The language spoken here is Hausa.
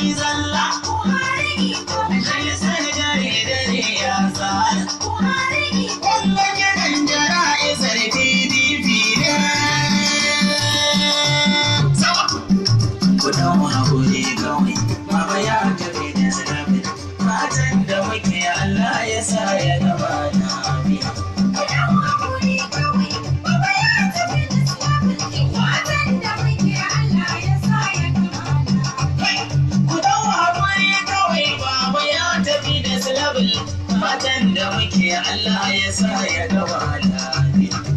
yi zalla Ashe sai dare dare ya tsara Wannan gidan jara isar ya tafi da zirabin Matan da muke Allah ya sa ya gabata fatan da muke Allah ya sa ya gabata lafiya